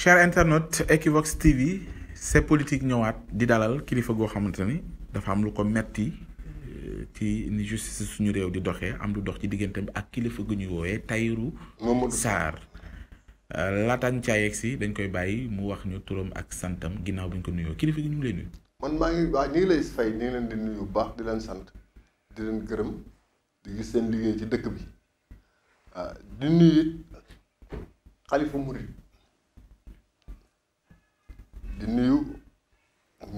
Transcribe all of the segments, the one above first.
cher internaute Equivox TV se politique ñëwaat di dalal kilifa goo xamante ni dafa am lu ko metti euh, ci ni justice suñu réew di doxee am lu dox ci diggante bi ak kilifa gu ñuy woowee Tahirou Sarr euh, laataan caa yegg si dañ koy bàyyi mu wax ñu turam ak santam ginnaaw bi ñu ko nuyoo kilifa gi ñu ngi lay nuyu. man maa ngi waa ñu ngi lay ñu leen di nuyu bu baax di leen sant di leen gërëm di gis seen liggéey ci dëkk bi euh, di nuyu xalifa murid di nuyu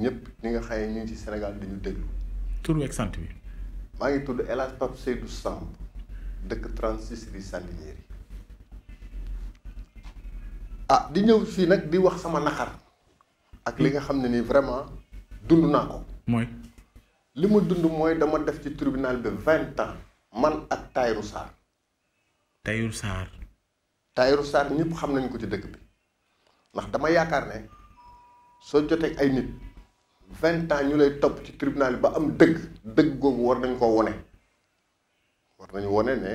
ñëpp ñi nga xëye ni ci senegal di ñu déglu. tur ak sant bi. maa ngi tudd El Hadj Pape Seydou Samb dëkk 36 rue Sandiniéry ah di ñëw fii nag di wax sama naxar ak li nga xam ne nii vraiment dund naa ko. mooy. li ma dund mooy dama def ci tribunal bi vingt ans man ak Tahirou Sarr. Tahirou Sarr. Tahirou Sarr ñëpp xam nañu ko ci dëkk bi ndax dama yaakaar ne. soo jotee ay nit vingt ans ñu lay topp ci tribunal yi ba am dëgg dëgg googu war nañ koo wone war nañu wone ne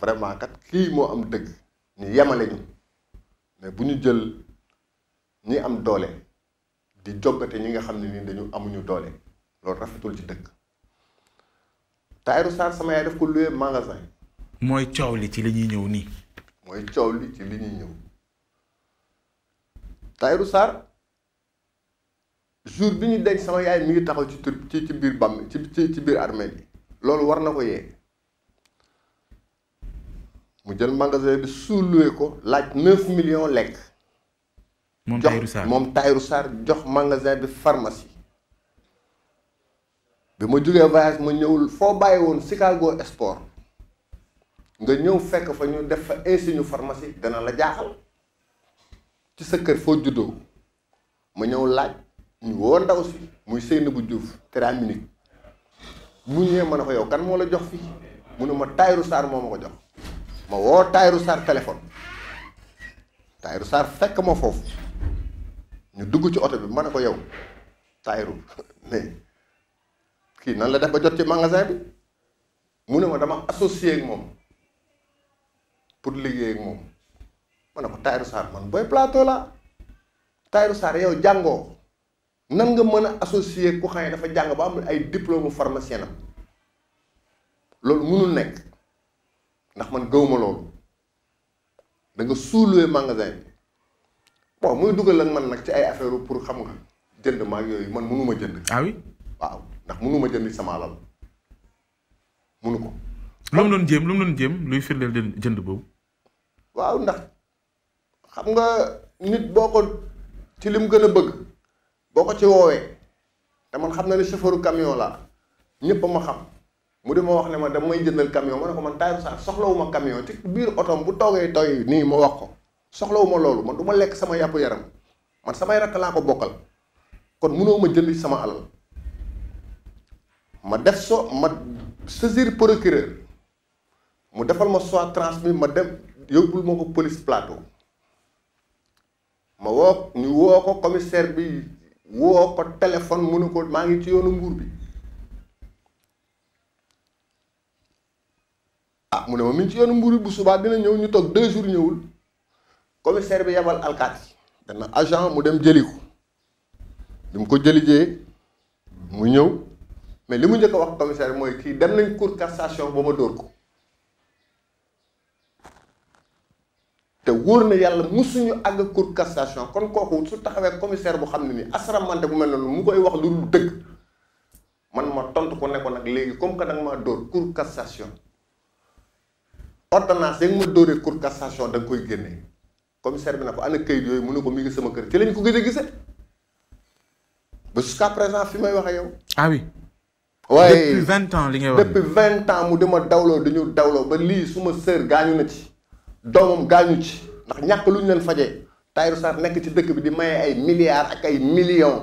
vraiment kat kii moo am dëgg ñu yemale ñu mais bu ñu jël ñi am doole di joggate ñi nga xam ne nii dañu amuñu doole loolu rafetul ci dëkk Tahirou Sarr sama yaay daf ko loué magasin. mooy coow li ci li ñuy ñëw nii. mooy coow li ci li ñuy ñëw Tahirou Sarr. jour bi ñu denc sama yaay mi ngi taxaw ci tur ci ci biir bàmm ci ci ci biir armée bi loolu war na ko yee mu jël magasin bi suuluwee ko laaj neuf millions lekk. moom Tahirou Sarr jox moom Tahirou Sarr jox magasin bi pharmacie. bi ma jógee voyage ma ñëwul foo bàyyi woon Chicago Sport nga ñëw fekk fa ñu def fa insigne pharmacie dana la jaaxal ci sa kër foo juddoo ma ñëw laaj. ñu woo ndaw si muy bu Seynabou Diouf Teraminute mu ñëwee ma ne ko yow kan moo la jox fii mu ne ma Tayrou saar moo ma ko jox ma woo Tayrou Sarr téléphone Tayrou Sarr fekk ma foofu ñu dugg ci oto bi ma ne ko yow Tayrou mais kii nan la def ba jot ci magasin bi mu ne ma dama associé ak moom pour liggéey ak moom ma ne ko Tayrou Sarr man booy plateau la Tayrou Sarr yow jàngoo. nan nga mën a associer ku xëy dafa jàng ba am ay diplôme pharmacien am loolu mënul nekk ndax man gëwma loolu da nga suuluwee magasin bi bon muy dugal ak man nag ci ay affaire pour xam nga jënd maag yooyu man mënuma jënd. ah waaw ndax mënuma jënd sama alal munu ko. lu mu doon jéem lu mu doon jéem luy firndeel jënd boobu. waaw ndax xam nga nit boo ko ci li mu gën a bëgg. boo ko ci woowee te man xam na ne chauffeur camion laa ñëpp ma xam mu di ma wax ne ma dama may jëndal camion ma ne ko man Tahirou Sarr soxlawuma camion ci biir otoom bu toogee toy nii ma wax ko soxlawuma loolu man duma lekk sama yàpp yaram man samay rakk laa ko bokkal kon mënoo ma jënd sama alal ma def so ma saisir procureur mu defal ma soit transmis ma dem yóbbul ma ko police plateau ma woo ñu woo ko commissaire bi woo ko téléphone mu ne ko maa ngi ci yoonu mbuur bi ah mu ne ma mi ci yoonu mbuur bi bu subaa dina ñëw ñu toog deux jours ñëwul commissaire bi yebal alkaati dana agent mu dem jëli ko bi mu ko jëli jee mu ñëw mais li mu jëkk a wax commissaire mooy kii dem nañ cour cassation ba ma dóor ko te wóor na yàlla musuñu àgg cour cassation kon kooku su taxawee commissaire bu xam ne nii asramante bu mel noonu mu koy wax lu dul dëgg man ma tontu ko ne ko nag léegi comme que da nga maa dóor cour cassation ordonnance ya nga ma dóoree cour cassation da nga koy génne commissaire bi na ko ana kayit yooyu mu ne ko mi ngi sama kër ci lañ ko gëj a gise ba jusqu'à présent fi may wax ak yow. ah oui. waaye depuis vingt ans li ngay wax depuis vingt ans mu dama dawloo dañu dawloo ba lii suma sœur gaañu na ci. doomam gaañu ci ndax ñàkk lu ñu leen fajee Tahirou Sarr nekk ci dëkk bi di maye ay milliards ak ay millions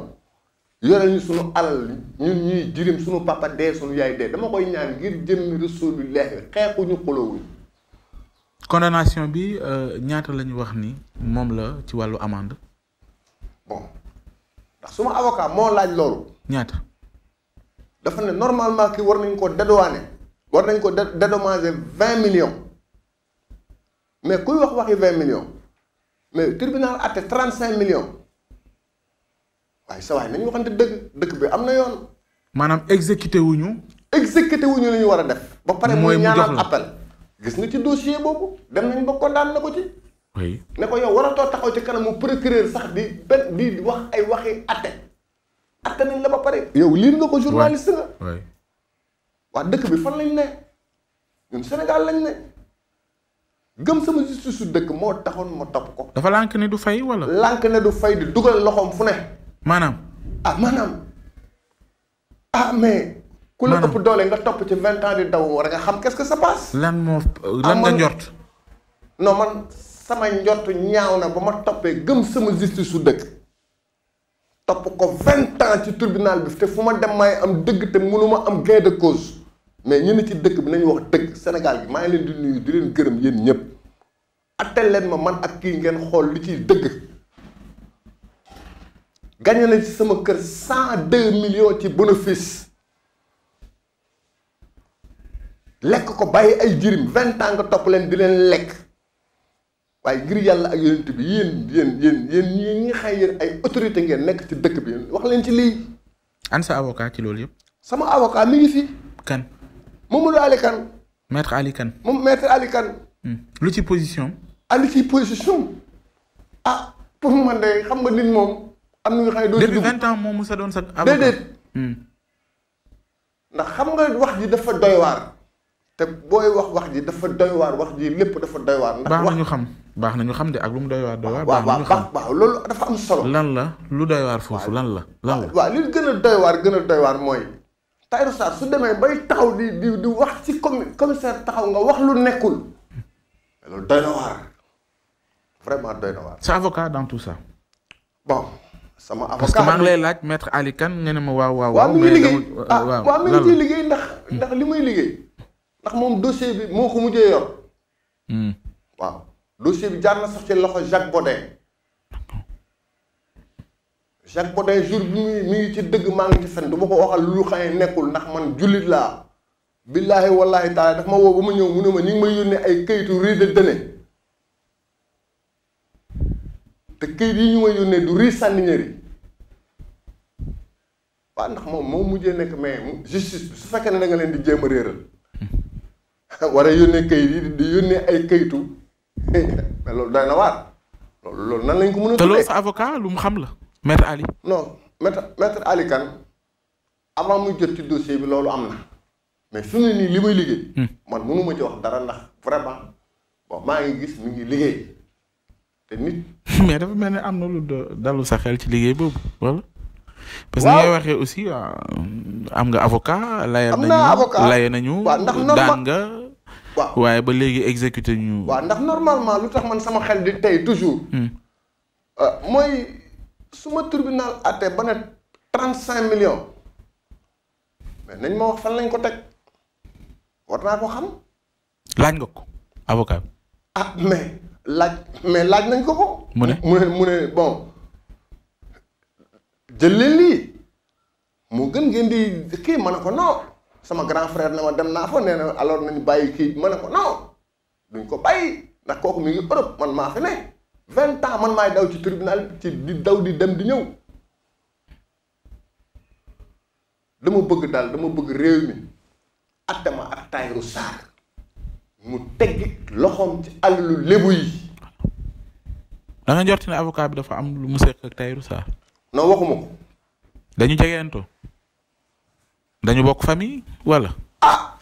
yoreel ñu suñu alal ñu ñuy jirim suñu papa dee suñu yaay dee dama koy ñaan ngir jëmmi Rasulullah xeexuñu xulowuñu condamnation bi euh, ñaata la wax ni moom la ci wàllu amande bon ndax suma avocat moo laaj loolu. ñaata. dafa ne normalement kii war nañ ko dédouaner war nañ ko dédommager vingt millions. mais kuy wax waxi vingt millions mais tribunal àtte trente cinq millions waaye sa waay nañu waxante dëgg dëkk bi am na yoon. maanaam exécuté wu ñu. exécuté wu ñu lañu war a def. ba pare mooy ñaanal appel. gis nga ci dossier boobu dem nañ ba condamné na ko ci. oui ne ko yow waratoo taxaw ci kanamu procureur sax di benn di wax ay waxi àtte. àtte nañ la ba pare. yow lii nga ko journaliste nga. waaw dëkk bi fan lañ ne ñun Sénégal lañ ne. gëm sama justice su dëkk moo taxoon ma topp ko. dafa lànk ne du fay wala. lànk ne du fay di dugal loxoom fu ne. maanaam. ah maanaam ah mais. ku la ëpp doole nga topp ci vingt ans di daw war nga xam qu'est-ce que ça passe. lan moo lan nga ah, njort. noo man sama njort ñaaw na ba ma toppee gëm sama justice su dëkk topp ko vingt ans ci tribunal bi te fu ma dem may am dëgg te mënuma am gain de cause. mais ñun ne ci dëkk bi nañu wax dëgg Sénégal gi maa ngi leen di nuyu di leen gërëm yéen ñëpp attel leen ma man ak kii ngeen xool li ci dëgg gagné na ci sama kër cent deux millions ci bénéfice lekk ko bàyyi ay jirim vingt ans nga topp leen di leen lekk waaye ngir yàlla ak yonent bi yéen yéen yéen yéen ñi ngi xay yéen ay autorité ngeen nekk ci dëkk bi wax leen ci lii. an sa avocat ci loolu yëpp. sama awokaa mi ngi fi. Mamadou Ali Kane. maître Ali Kane. moom maître Ali hmm. lu ci position am. Ah, ci position ah pour man de xam nga nit moom. am na xam ne doo ci dugg depuis vingt ans moom Moussa hmm. ndax xam nga wax ji dafa doy waar. te booy wax wax ji dafa doy waar wax ji lépp dafa doy waar. ndax baax na ñu xam baax na ñu xam de ak lu mu doy waar doy waar. baax na ñu xam am solo. lan la lu doy waar foofu lan la lan la. waaw li gën a doy waar gën a doy waar mooy. Tahirou Sarr su demee bay taxaw di di wax ci commi taxaw nga wax lu nekkul loolu doy na waar vraiment doy na sa avocat dans tout ça. bon sama avocat parce que maa ngi lay laaj maître Ali Kane nga ne ma waaw waaw. waaw mi ngi liggéey ah waaw ngi ciy liggéey ndax ndax li muy liggéey ndax moom dossier bi moo ko mujjee yor. Hmm. waaw dossier bi jaar na sax ci loxo Jacques Bodin. Jacques Bodin jour bi muy mi ngi ci dëgg maa ngi ci fen du ma ko waxal lu xëy nekkul ndax man jullit laa billaahi wallaahi taala daf ma woo ba ma ñëw mu ne ma ñu ngi may yónnee ay kayitu riz de dene te yi ñu may yónnee du riz sànniñëri waaw moom moo mujjee nekk mais justice bi su fekkee leen di jéem a réeral war a yónnee kayit yi di yónnee ay kayitu mais loolu day na waar loolu loolu nan lañ ko mën a. te loolu sa avocat lu mu xam la. maître Ali. non maître maître avant muy jot ci dossier bi loolu am na mais su ne nii li may liggéey. Hmm. man mënu ma ci dara ndax vraiment bon maa ngi gis mu ngi liggéey te nit. mais dafa mel ne am na lu dalul sa xel ci liggéey boobu wala. parce que aussi ah, am nga avocat. laye nañu laye nañu daan nga. waaw waaye ba léegi exécuté ñu. waaw ndax normalement lu tax man sama xel di tey toujours. Hmm. Euh, mooy. su ma tribunal ate ba ne trente cinq millions mais nañ ma wax fan lañ ko teg war naa ko xam. laaj nga ko avocat ah mais laaj mais laaj nañ ko ko. mu ne mu ne mu ne bon jël leen lii moo gën ngeen di kii ma ne ko non sama grand frère ne ma dem naa fa nee na alors bàyyi kii ma ne ko non duñ ko bàyyi ndax kooku mi ngi man maa fi ne. vingt ans man maay daw ci tribunal ci di daw di dem di ñëw dama bëgg daal dama bëgg réew mi atte ma ak Tahirou Sarr mu teg loxoom ci alalu lébu yi. da nga njorti ne avocat bi dafa am lu mu seq ak Tahirou Sarr. non waxuma ko. dañu jegeento dañu bokk famille wala. ah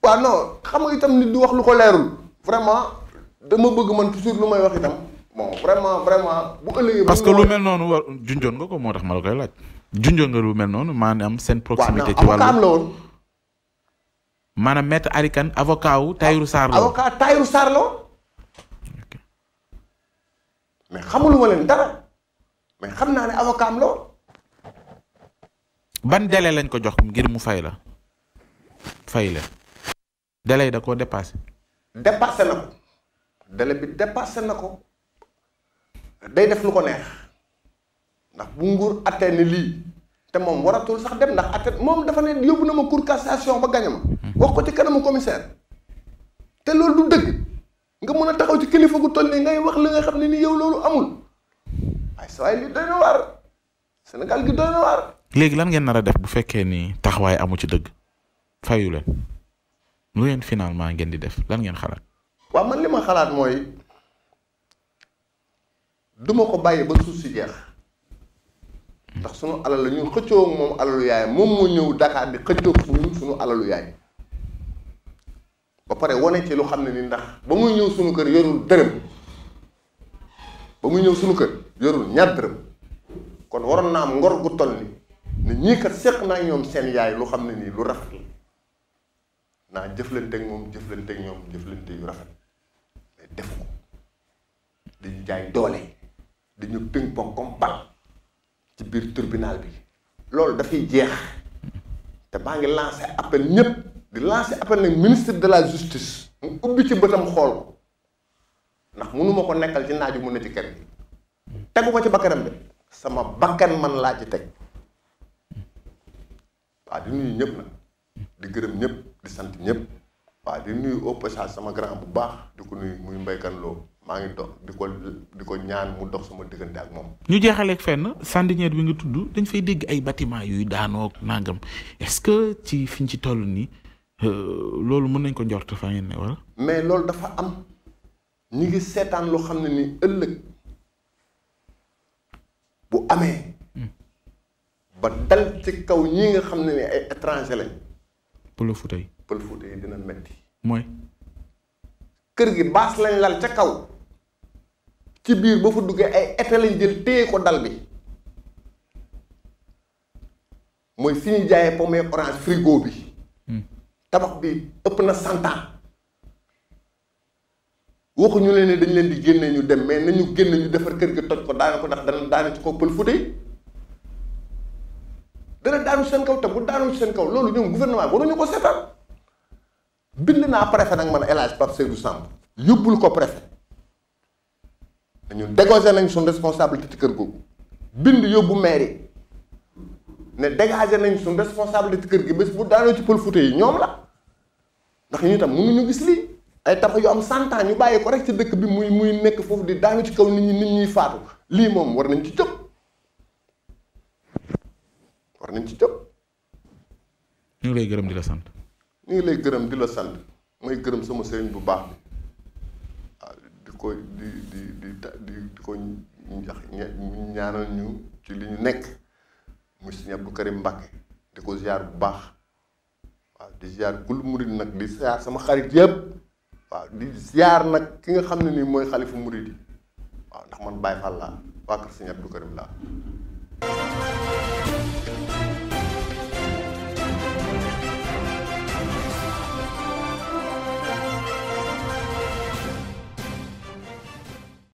waaw non xam itam nit du wax lu ko leerul vraiment. dama bëgg man toujours lu may wax parce que lu mel noonu war junjoon nga ko moo tax ma la koy laaj. junjoon nga lu mel noonu maanaam seen. proximité ci wàllu waaw la woon. xam naa ne avocat am la woon ban délai ko jox ngir mu fay la fay la délai da koo dépassé. dépassé na délai bi dépassé na ko day def lu ko neex ndax bu nguur attee ni lii te moom waratul sax dem ndax atte moom dafa ne yóbbu na ma cour cassation ba gañe wax ko ci kanamu commissaire te loolu du dëgg nga mën a taxaw ci kilifa gu toll nii ngay wax la nga xam ne ni yow loolu amul waaye sa waay li doy Sénégal gi doy léegi lan ngeen nar a def bu fekkee ni taxawaay amu ci dëgg fayu leen lu leen finalement ngeen di def lan ngeen xalaat waa man li ma xalaat mooy duma ko bàyyi ba suuf si jeex ndax sunu alal la ñun xëccoo moom alalu yaayam moom moo ñëw Dakar di xëccoo ñun suñu alalu yaay ba pare wane ci lu xam ne nii ndax ba muy ñëw suñu kër yorul dërëm ba muy ñëw sunu kër yorul ñaar dërëm kon waroon naa am ngor gu toll ni ñii kat seq naa ñoom seen yaay lu xam ne nii lu rafet la naa jëflanteeg moom jëflanteeg ñoom jëflante yu rafet. defu ko dañu jaay doole dañu ping pong comme bal ci biir tribunal bi loolu dafay jeex te maa ngi lancé appel ñëpp di lancé appel nag ministre de la justice mu ubbi ci bëtam xool ko ndax mënuma ko nekkal ci naaju mun na ci kër gi tegu ko ci bakkaram bi sama bakkan man laa ci teg waa di nuyu ñëpp nag di gërëm ñépp di sant ñëpp waaw di nuyu au passage sama grand bu baax di ko nuyu muy mbaykan loo maa ngi dox di ko di ko ñaan mu dox sama diggante ak moom. ñu jeexaleeg fenn sandinière bi nga tudd dañ fay dégg ay bâtiment yuy daanoo nangam est-ce que ci fiñ ci toll nii euh, loolu mën nañ ko njort fa ngeen ne wala. mais loolu dafa am ñu ngi seetaan loo xam ne ni ëllëg bu amee. Hmm. ba dal ci kaw ñi nga xam ne ni ay étranger lañ. pël Fuuta yi. pël Fuuta yi dina metti mooy. kër gi baas lañ lal ca kaw ci biir ba fa duggee ay été lañ jël téye ko dal bi mooy fi ñuy jaayee pomme orange frigo bi. Hmm. tabax bi ëpp na cent ans waxuñu leen ne dañ leen di génne ñu dem mais nañu génne ñu defar kër gi toj ko daana ko ndax dana daana ci ko pël Fuuta dana daanu seen kaw tam bu daanu seen kaw loolu ñoom gouvernement bi waruñu ko seetaan bind naa préfet nag man El Hadj Pape Seydou Samb yóbbul ko préfet dañu dégagé nañ suñ responsabilité ci kër googu bind yóbbu mairie ne dégagé nañ suñ responsabilité ci kër gi bés bu daanoo ci pël Fuuta yi ñoom la ndax ñu tam mënuñu gis lii ay tabax yu am cent ans ñu bàyyi ko rek ci dëkk bi muy muy nekk foofu di daanu ci kaw nit ñi nit ñuy faatu lii moom war nañ ci jóg war nañ ci jóg. ñu ngi lay gërëm di la sant. ñu ngi lay gërëm di la sant may gërëm sama sëriñ bu baax bi waaw ah, di ko di di di di di ko ñaanal ñu ci li ñu nekk muy Sëriñ Abdou Karim Mbàkke di ko ziar bu baax waaw di ziar kul murid nag di ziar sama xarit yépp waaw di ziar nag ki nga xam ne nii mooy xalifa murid yi waaw ndax man Baay Faal laa waa kër Sëriñ Abdou Karim laa